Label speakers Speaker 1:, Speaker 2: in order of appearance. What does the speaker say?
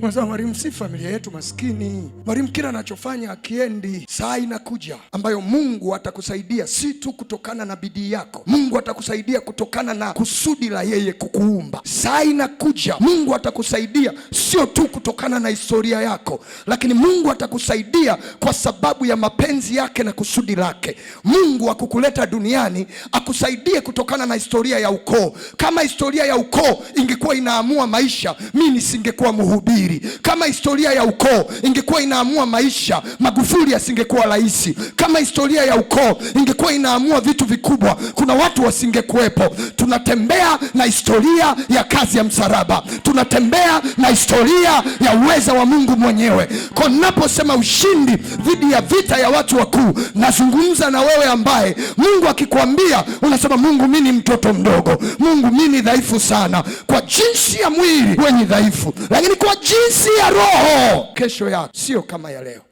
Speaker 1: Mwaza mwalimu, si familia yetu maskini. Mwalimu, kila anachofanya akiendi. Saa inakuja ambayo Mungu atakusaidia si tu kutokana na bidii yako, Mungu atakusaidia kutokana na kusudi la yeye kukuumba. Saa inakuja Mungu atakusaidia sio tu kutokana na historia yako, lakini Mungu atakusaidia kwa sababu ya mapenzi yake na kusudi lake. Mungu akukuleta duniani akusaidie kutokana na historia ya ukoo. Kama historia ya ukoo ingekuwa inaamua maisha, mi nisingekuwa mhubiri utajiri. Kama historia ya ukoo ingekuwa inaamua maisha, Magufuli asingekuwa rais. Kama historia ya ukoo ingekuwa inaamua vitu vikubwa, kuna watu wasingekuwepo. Tunatembea na historia ya kazi ya msalaba, tunatembea na historia ya uweza wa Mungu mwenyewe. Kwa ninaposema ushindi dhidi ya vita ya watu wakuu, nazungumza na wewe ambaye Mungu akikwambia unasema, Mungu mimi ni mtoto mdogo, Mungu mi ni dhaifu sana, kwa jinsi ya mwili wenye dhaifu, lakini kwa jinsi ya roho, kesho yako sio kama ya leo.